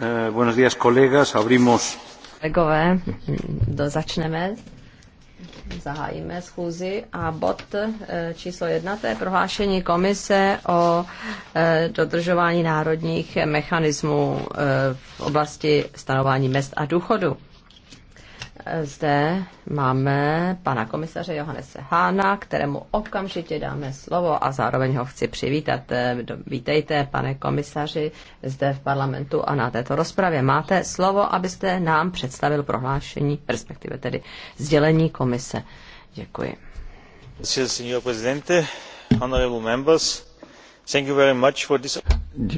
Eh, buenos días, colegas. Abrimos. Kolegové, začneme. Zahájíme schůzi a bod eh, číslo jedna, to je prohlášení komise o eh, dodržování národních mechanismů v oblasti stanování mest a důchodu zde máme pana komisaře Johannese Hána, kterému okamžitě dáme slovo a zároveň ho chci přivítat. Vítejte, pane komisaři, zde v parlamentu a na této rozpravě. Máte slovo, abyste nám představil prohlášení, respektive tedy sdělení komise. Děkuji. Děkuji.